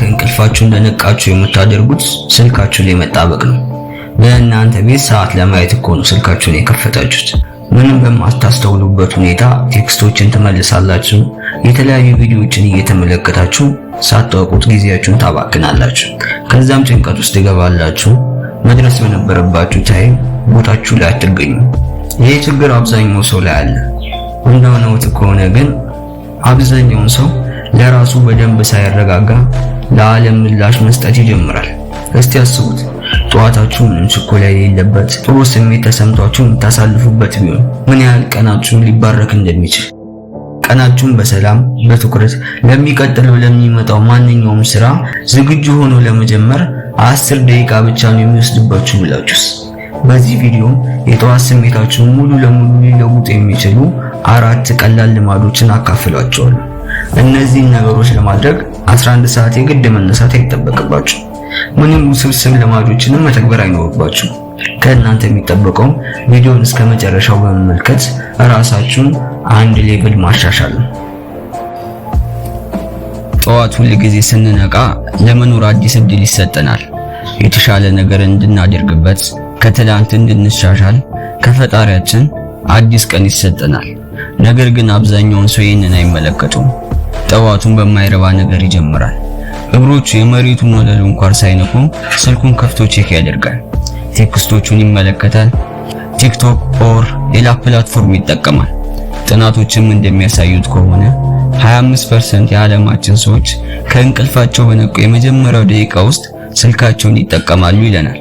ከእንቅልፋችሁ እንደነቃችሁ የምታደርጉት ስልካችሁ ላይ መጣበቅ ነው። በእናንተ ቤት ሰዓት ለማየት እኮ ነው ስልካችሁን የከፈታችሁት። ምንም በማታስተውሉበት ሁኔታ ቴክስቶችን ትመልሳላችሁ፣ የተለያዩ ቪዲዮዎችን እየተመለከታችሁ ሳታውቁት ጊዜያችሁን ታባክናላችሁ። ከዛም ጭንቀት ውስጥ ትገባላችሁ። መድረስ በነበረባችሁ ታይም ቦታችሁ ላይ አትገኙ። ይህ ችግር አብዛኛው ሰው ላይ አለ። እንዳነውት ከሆነ ግን አብዛኛውን ሰው ለራሱ በደንብ ሳይረጋጋ ለዓለም ምላሽ መስጠት ይጀምራል። እስቲ አስቡት፣ ጠዋታችሁ ምንም ችኮላ የሌለበት ጥሩ ስሜት ተሰምቷችሁ የምታሳልፉበት ቢሆን ምን ያህል ቀናችሁ ሊባረክ እንደሚችል። ቀናችሁን በሰላም በትኩረት ለሚቀጥለው ለሚመጣው ማንኛውም ስራ ዝግጁ ሆኖ ለመጀመር አስር ደቂቃ ብቻ ነው የሚወስድባችሁ ብላችሁስ። በዚህ ቪዲዮ የጠዋት ስሜታችሁን ሙሉ ለሙሉ ሊለውጡ የሚችሉ አራት ቀላል ልማዶችን አካፍላችኋለሁ። እነዚህን ነገሮች ለማድረግ 11 ሰዓት የግድ መነሳት አይጠበቅባችሁ። ምንም ውስብስብ ልማዶችንም መተግበር አይኖርባችሁ። ከእናንተ የሚጠበቀው ቪዲዮን እስከ መጨረሻው በመመልከት ራሳችሁን አንድ ሌቭል ማሻሻል ጠዋት ሁል ጊዜ ስንነቃ ለመኖር አዲስ እድል ይሰጠናል። የተሻለ ነገር እንድናደርግበት፣ ከትላንት እንድንሻሻል፣ ከፈጣሪያችን አዲስ ቀን ይሰጠናል። ነገር ግን አብዛኛውን ሰው ይህንን አይመለከቱም። ጠዋቱን በማይረባ ነገር ይጀምራል። እግሮቹ የመሬቱን ወለል እንኳን ሳይነኩ ስልኩን ከፍቶ ቼክ ያደርጋል። ቴክስቶቹን ይመለከታል። ቲክቶክ ኦር ሌላ ፕላትፎርም ይጠቀማል። ጥናቶችም እንደሚያሳዩት ከሆነ 25% የዓለማችን ሰዎች ከእንቅልፋቸው በነቁ የመጀመሪያው ደቂቃ ውስጥ ስልካቸውን ይጠቀማሉ ይለናል።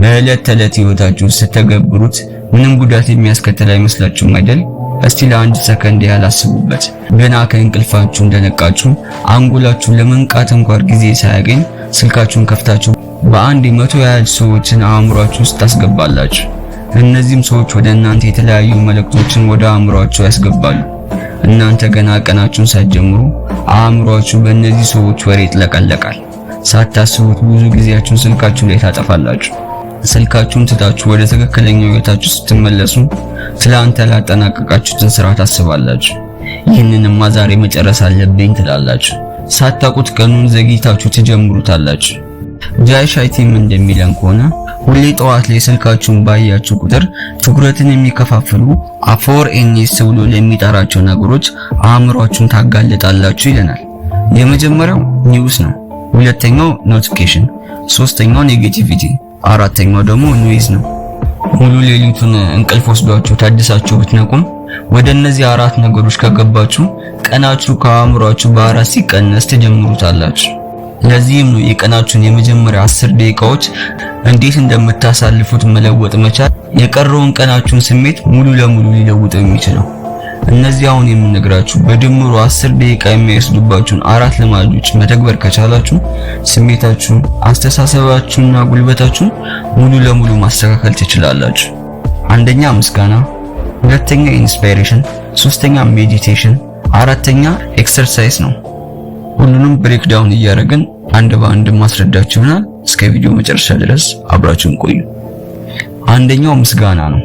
በዕለት ተዕለት ሕይወታችሁ ስትተገብሩት ምንም ጉዳት የሚያስከትል አይመስላችሁም አይደል? እስቲ ለአንድ ሰከንድ ያህል አስቡበት። ገና ከእንቅልፋችሁ እንደነቃችሁ አንጎላችሁ ለመንቃት እንኳን ጊዜ ሳያገኝ ስልካችሁን ከፍታችሁ በአንድ መቶ ያህል ሰዎችን አእምሯችሁ ውስጥ ታስገባላችሁ። እነዚህም ሰዎች ወደ እናንተ የተለያዩ መልእክቶችን ወደ አእምሯችሁ ያስገባሉ። እናንተ ገና ቀናችሁን ሳትጀምሩ አእምሯችሁ በእነዚህ ሰዎች ወሬ ይጥለቀለቃል። ሳታስቡት ብዙ ጊዜያችሁን ስልካችሁ ላይ ታጠፋላችሁ። ስልካችሁን ትታችሁ ወደ ትክክለኛው ህይወታችሁ ስትመለሱ ስለ ላጠናቀቃችሁትን ስራ ታስባላችሁ። ይህንንማ ዛሬ መጨረስ አለብኝ ትላላችሁ። ሳታውቁት ቀኑን ዘግይታችሁ ትጀምሩታላችሁ። ጃይ ሻይቲም እንደሚለን ከሆነ ሁሌ ጠዋት ላይ ስልካችሁን ባያችሁ ቁጥር ትኩረትን የሚከፋፍሉ አፎር ኤንኤስ ብሎ ለሚጠራቸው ነገሮች አእምሯችሁን ታጋለጣላችሁ ይለናል። የመጀመሪያው ኒውስ ነው። ሁለተኛው ኖቲፊኬሽን፣ ሶስተኛው ኔጌቲቪቲ አራተኛው ደግሞ ኑይዝ ነው። ሙሉ ሌሊቱን እንቅልፍ ወስዷችሁ ታድሳችሁ ብትነቁም ወደ እነዚህ አራት ነገሮች ከገባችሁ ቀናችሁ ከአእምሯችሁ በአራት ሲቀነስ ትጀምሩታላችሁ። ለዚህም ነው የቀናችሁን የመጀመሪያ አስር ደቂቃዎች እንዴት እንደምታሳልፉት መለወጥ መቻል የቀረውን ቀናችሁን ስሜት ሙሉ ለሙሉ ሊለውጠው የሚችለው። እነዚህ አሁን የምነግራችሁ በድምሩ አስር ደቂቃ የሚወስዱባችሁን አራት ልማዶች መተግበር ከቻላችሁ ስሜታችሁን፣ አስተሳሰባችሁንና ጉልበታችሁን ሙሉ ለሙሉ ማስተካከል ትችላላችሁ። አንደኛ ምስጋና፣ ሁለተኛ ኢንስፓይሬሽን፣ ሶስተኛ ሜዲቴሽን፣ አራተኛ ኤክሰርሳይዝ ነው። ሁሉንም ብሬክ ዳውን እያደረግን አንድ በአንድ ማስረዳችሁ ይሆናል። እስከ ቪዲዮ መጨረሻ ድረስ አብራችሁን ቆዩ። አንደኛው ምስጋና ነው።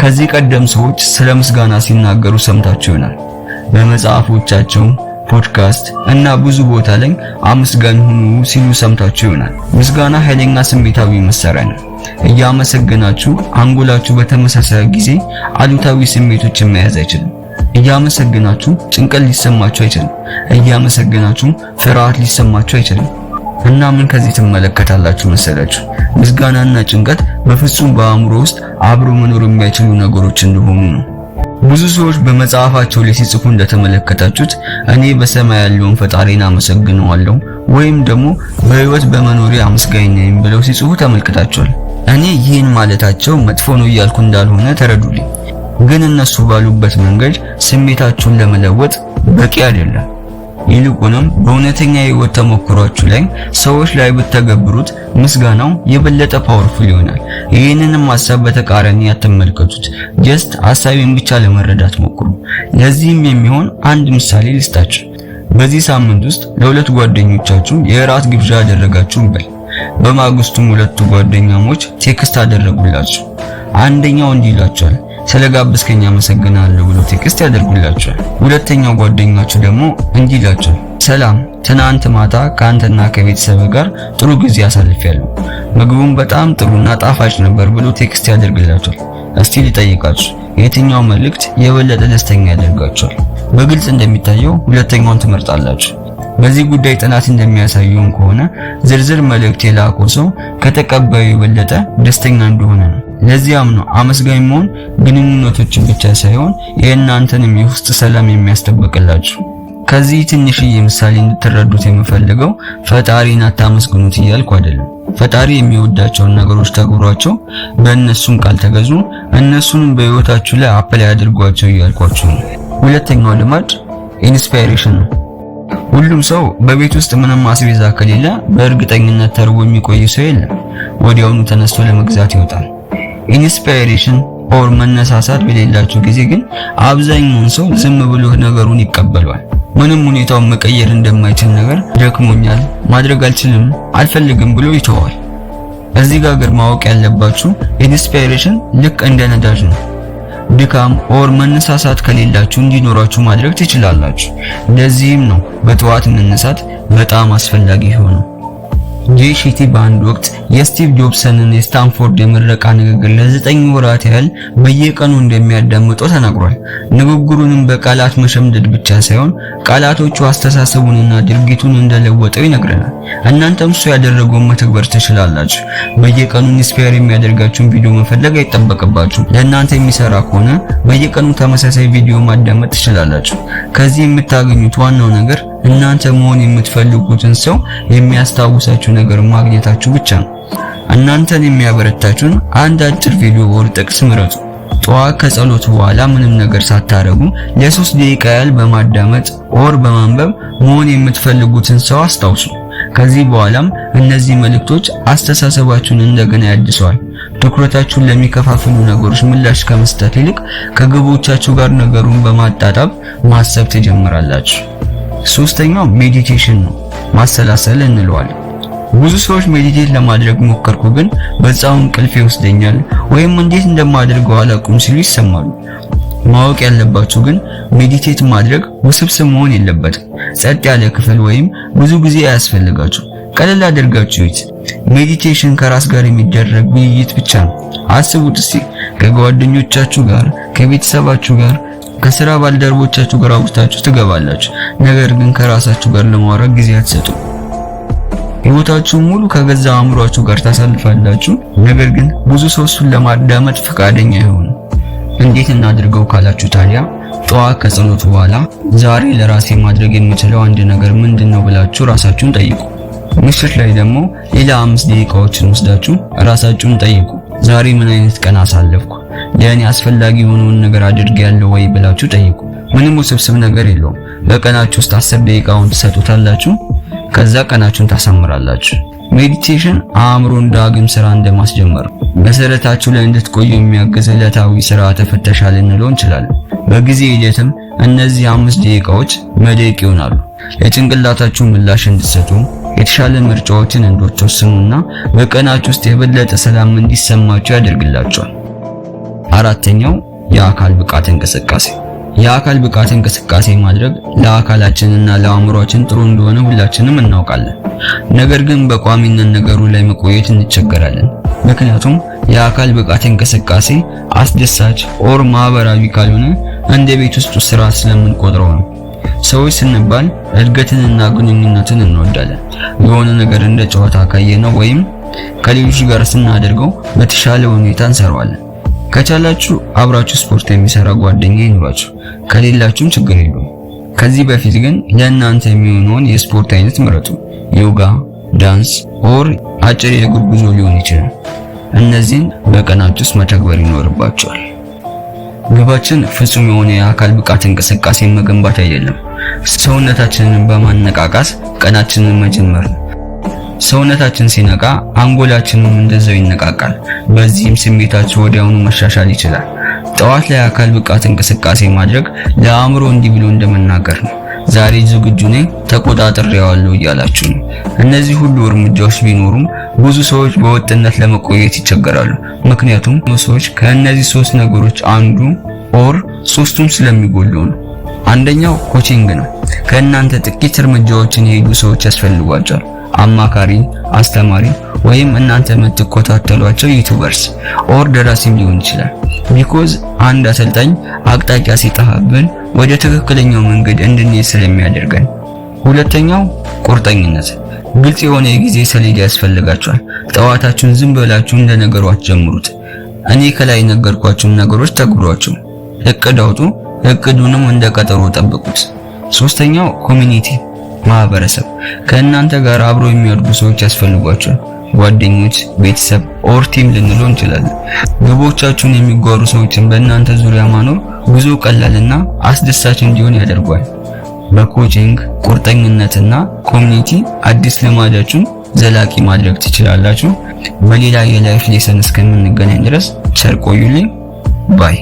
ከዚህ ቀደም ሰዎች ስለ ምስጋና ሲናገሩ ሰምታችሁ ይሆናል። በመጽሐፎቻቸው፣ ፖድካስት እና ብዙ ቦታ ላይ አመስጋኝ ሁኑ ሲሉ ሰምታችሁ ይሆናል። ምስጋና ኃይለኛ ስሜታዊ መሳሪያ ነው። እያመሰገናችሁ አንጎላችሁ በተመሳሳይ ጊዜ አሉታዊ ስሜቶችን መያዝ አይችልም። እያመሰገናችሁ ጭንቀት ሊሰማችሁ አይችልም። እያመሰገናችሁ ፍርሃት ሊሰማችሁ አይችልም። እና ምን ከዚህ ትመለከታላችሁ መሰላችሁ? ምስጋናና ጭንቀት በፍጹም በአእምሮ ውስጥ አብሮ መኖር የማይችሉ ነገሮች እንደሆኑ ነው። ብዙ ሰዎች በመጽሐፋቸው ላይ ሲጽፉ እንደተመለከታችሁት እኔ በሰማይ ያለውን ፈጣሪን አመሰግነዋለሁ ወይም ደግሞ በህይወት በመኖሬ አመስጋኝ ነኝ ብለው ሲጽፉ ተመልክታችኋል። እኔ ይህን ማለታቸው መጥፎ ነው እያልኩ እንዳልሆነ ተረዱልኝ። ግን እነሱ ባሉበት መንገድ ስሜታቸውን ለመለወጥ በቂ አይደለም። ይልቁንም በእውነተኛ የህይወት ተሞክሯችሁ ላይ ሰዎች ላይ ብተገብሩት ምስጋናው የበለጠ ፓወርፉል ይሆናል። ይህንንም ሀሳብ በተቃራኒ ያተመልከቱት። ጀስት ሀሳቤን ብቻ ለመረዳት ሞክሩ። ለዚህም የሚሆን አንድ ምሳሌ ልስጣችሁ። በዚህ ሳምንት ውስጥ ለሁለት ጓደኞቻችሁ የእራት ግብዣ ያደረጋችሁ እንበል። በማግስቱም ሁለቱ ጓደኛሞች ቴክስት አደረጉላችሁ። አንደኛው እንዲህ ይላችኋል ስለጋብዝከኝ አመሰግናለሁ ብሎ ቴክስት ያደርጉላቸዋል። ሁለተኛው ጓደኛቸው ደግሞ እንዲህ ይላቸዋል፣ ሰላም ትናንት ማታ ከአንተና ከቤተሰብ ጋር ጥሩ ጊዜ አሳልፊያለሁ። ምግቡም በጣም ጥሩና ጣፋጭ ነበር ብሎ ቴክስት ያደርግላቸዋል። እስቲ ልጠይቃችሁ፣ የትኛው መልእክት የበለጠ ደስተኛ ያደርጋቸዋል? በግልጽ እንደሚታየው ሁለተኛውን ትመርጣላችሁ። በዚህ ጉዳይ ጥናት እንደሚያሳየው ከሆነ ዝርዝር መልእክት የላከው ሰው ከተቀባዩ የበለጠ ደስተኛ እንደሆነ ነው። ለዚያም ነው አመስጋኝ መሆን ግንኙነቶችን ብቻ ሳይሆን የእናንተንም የውስጥ ሰላም የሚያስጠብቅላችሁ። ከዚህ ትንሽዬ ምሳሌ እንድትረዱት የምፈልገው ፈጣሪን አታመስግኑት እያልኩ አይደለም። ፈጣሪ የሚወዳቸውን ነገሮች ተግብሯቸው፣ በእነሱም ቃል ተገዙ፣ እነሱንም በህይወታችሁ ላይ አፕላይ አድርጓቸው እያልኳችሁ ነው። ሁለተኛው ልማድ ኢንስፓይሬሽን ነው። ሁሉም ሰው በቤት ውስጥ ምንም አስቤዛ ከሌለ በእርግጠኝነት ተርቦ የሚቆይ ሰው የለም። ወዲያውኑ ተነስቶ ለመግዛት ይወጣል። ኢንስፓይሬሽን ኦር መነሳሳት በሌላቸው ጊዜ ግን አብዛኛውን ሰው ዝም ብሎ ነገሩን ይቀበሏል። ምንም ሁኔታውን መቀየር እንደማይችል ነገር ደክሞኛል፣ ማድረግ አልችልም፣ አልፈልግም ብሎ ይተዋል። እዚህ ጋር ግን ማወቅ ያለባችሁ ኢንስፓይሬሽን ልክ እንደ ነዳጅ ነው። ድካም ኦር መነሳሳት ከሌላችሁ እንዲኖራችሁ ማድረግ ትችላላችሁ። ለዚህም ነው በጠዋት መነሳት በጣም አስፈላጊ ሆነው። ጄይ ሼቲ በአንድ ወቅት የስቲቭ ጆብሰንን የስታንፎርድ የምረቃ ንግግር ለዘጠኝ ወራት ያህል በየቀኑ እንደሚያዳምጠው ተናግሯል። ንግግሩንም በቃላት መሸምደድ ብቻ ሳይሆን ቃላቶቹ አስተሳሰቡንና ድርጊቱን እንደለወጠው ይነግረናል። እናንተም እሱ ያደረገውን መተግበር ትችላላችሁ። በየቀኑ ኢንስፓየር የሚያደርጋችሁን ቪዲዮ መፈለግ አይጠበቅባችሁ ለእናንተ የሚሰራ ከሆነ በየቀኑ ተመሳሳይ ቪዲዮ ማዳመጥ ትችላላችሁ። ከዚህ የምታገኙት ዋናው ነገር እናንተ መሆን የምትፈልጉትን ሰው የሚያስታውሳችሁ ነገር ማግኘታችሁ ብቻ ነው። እናንተን የሚያበረታችሁን አንድ አጭር ቪዲዮ ወር ጥቅስ ምረጡ። ጠዋት ከጸሎት በኋላ ምንም ነገር ሳታረጉ ለሶስት ደቂቃ ያህል በማዳመጥ ኦር በማንበብ መሆን የምትፈልጉትን ሰው አስታውሱ። ከዚህ በኋላም እነዚህ መልእክቶች አስተሳሰባችሁን እንደገና ያድሰዋል። ትኩረታችሁን ለሚከፋፍሉ ነገሮች ምላሽ ከመስጠት ይልቅ ከግቦቻችሁ ጋር ነገሩን በማጣጣብ ማሰብ ትጀምራላችሁ። ሶስተኛው ሜዲቴሽን ነው፣ ማሰላሰል እንለዋለን። ብዙ ሰዎች ሜዲቴት ለማድረግ ሞከርኩ ግን በዛው እንቅልፍ ይወስደኛል ወይም እንዴት እንደማደርገው አላውቅም ሲሉ ይሰማሉ። ማወቅ ያለባችሁ ግን ሜዲቴት ማድረግ ውስብስብ መሆን የለበትም። ጸጥ ያለ ክፍል ወይም ብዙ ጊዜ አያስፈልጋችሁ። ቀለል አድርጋችሁት ሜዲቴሽን ከራስ ጋር የሚደረግ ውይይት ብቻ ነው። አስቡት እስቲ ከጓደኞቻችሁ ጋር፣ ከቤተሰባችሁ ጋር ከስራ ባልደረቦቻችሁ ጋር አውርታችሁ ትገባላችሁ። ነገር ግን ከራሳችሁ ጋር ለማውራት ጊዜ አትሰጡ። ህይወታችሁ ሙሉ ከገዛ አእምሯችሁ ጋር ታሳልፋላችሁ። ነገር ግን ብዙ ሰው እሱን ለማዳመጥ ፈቃደኛ አይሆንም። እንዴት እናድርገው ካላችሁ ታዲያ ጠዋት ከጸሎት በኋላ ዛሬ ለራሴ ማድረግ የምችለው አንድ ነገር ምንድን ነው ብላችሁ ራሳችሁን ጠይቁ። ምሽት ላይ ደግሞ ሌላ አምስት ደቂቃዎችን ወስዳችሁ ራሳችሁን ጠይቁ። ዛሬ ምን አይነት ቀን አሳለፍኩ? ለእኔ አስፈላጊ የሆነውን ነገር አድርጌያለሁ ወይ ብላችሁ ጠይቁ። ምንም ውስብስብ ነገር የለውም። በቀናችሁ ውስጥ አስር ደቂቃውን ትሰጡታላችሁ። ከዛ ቀናችሁን ታሳምራላችሁ። ሜዲቴሽን አእምሮን ዳግም ስራ እንደማስጀመር መሰረታችሁ ላይ እንድትቆዩ የሚያግዝ ዕለታዊ ስራ ተፈተሻ ልንለው እንችላለን። በጊዜ ሂደትም እነዚህ አምስት ደቂቃዎች መደቅ ይሆናሉ። ለጭንቅላታችሁ ምላሽ እንድትሰጡ የተሻለ ምርጫዎችን እንድትወስኑና በቀናች ውስጥ የበለጠ ሰላም እንዲሰማችሁ ያደርግላችኋል። አራተኛው የአካል ብቃት እንቅስቃሴ። የአካል ብቃት እንቅስቃሴ ማድረግ ለአካላችንና ለአእምሮአችን ጥሩ እንደሆነ ሁላችንም እናውቃለን። ነገር ግን በቋሚነት ነገሩ ላይ መቆየት እንቸገራለን። ምክንያቱም የአካል ብቃት እንቅስቃሴ አስደሳች ኦር ማህበራዊ ካልሆነ እንደ ቤት ውስጥ ስራ ስለምንቆጥረው ነው። ሰዎች ስንባል እድገትንና ግንኙነትን እንወዳለን። የሆነ ነገር እንደ ጨዋታ ካየነው ወይም ከሌሎች ጋር ስናደርገው በተሻለ ሁኔታ እንሰራዋለን። ከቻላችሁ አብራችሁ ስፖርት የሚሰራ ጓደኛ ይኑራችሁ፣ ከሌላችሁም ችግር የለውም። ከዚህ በፊት ግን ለእናንተ የሚሆነውን የስፖርት አይነት ምረጡ። ዮጋ፣ ዳንስ ኦር አጭር የእግር ጉዞ ሊሆን ይችላል። እነዚህን በቀናችሁ ውስጥ መተግበር ይኖርባችኋል። ግባችን ፍጹም የሆነ የአካል ብቃት እንቅስቃሴን መገንባት አይደለም፣ ሰውነታችንን በማነቃቃት ቀናችንን መጀመር ነው። ሰውነታችን ሲነቃ አንጎላችንም እንደዛው ይነቃቃል። በዚህም ስሜታችሁ ወዲያውኑ መሻሻል ይችላል። ጠዋት ላይ የአካል ብቃት እንቅስቃሴ ማድረግ ለአእምሮ እንዲህ ብሎ እንደመናገር ነው ዛሬ ዝግጁ ነኝ ተቆጣጥሬዋለሁ እያላችሁ ነው። እነዚህ ሁሉ እርምጃዎች ቢኖሩም ብዙ ሰዎች በወጥነት ለመቆየት ይቸገራሉ። ምክንያቱም ሰዎች ከእነዚህ ሶስት ነገሮች አንዱ ኦር ሶስቱም ስለሚጎሉ ነው። አንደኛው ኮቺንግ ነው። ከእናንተ ጥቂት እርምጃዎችን የሄዱ ሰዎች ያስፈልጓቸዋል። አማካሪ፣ አስተማሪ ወይም እናንተ የምትከታተሏቸው ዩቲዩበርስ ኦር ደራሲም ሊሆን ይችላል። ቢኮዝ አንድ አሰልጣኝ አቅጣጫ ሲጠፋብን ወደ ትክክለኛው መንገድ እንድንሄድ ስለሚያደርገን። ሁለተኛው ቁርጠኝነት። ግልጽ የሆነ የጊዜ ሰሌዳ ያስፈልጋቸዋል። ጠዋታችሁን ዝም ብላችሁ እንደ ነገሩ አትጀምሩት። እኔ ከላይ ነገርኳችሁን ነገሮች ተግብሯቸው። እቅድ አውጡ፣ እቅዱንም እንደ ቀጠሮ ጠብቁት። ሶስተኛው ኮሚኒቲ ማህበረሰብ ከእናንተ ጋር አብሮ የሚያድጉ ሰዎች ያስፈልጓቸዋል። ጓደኞች፣ ቤተሰብ ኦር ቲም ልንለው እንችላለን። ግቦቻችሁን የሚጓሩ ሰዎችን በእናንተ ዙሪያ ማኖር ጉዞ ቀላልና አስደሳች እንዲሆን ያደርጓል። በኮችንግ ቁርጠኝነትና ኮሚኒቲ አዲስ ልማዳችሁን ዘላቂ ማድረግ ትችላላችሁ። በሌላ የላይፍ ሌሰን እስከምንገናኝ ድረስ ቸር ቆዩልኝ ባይ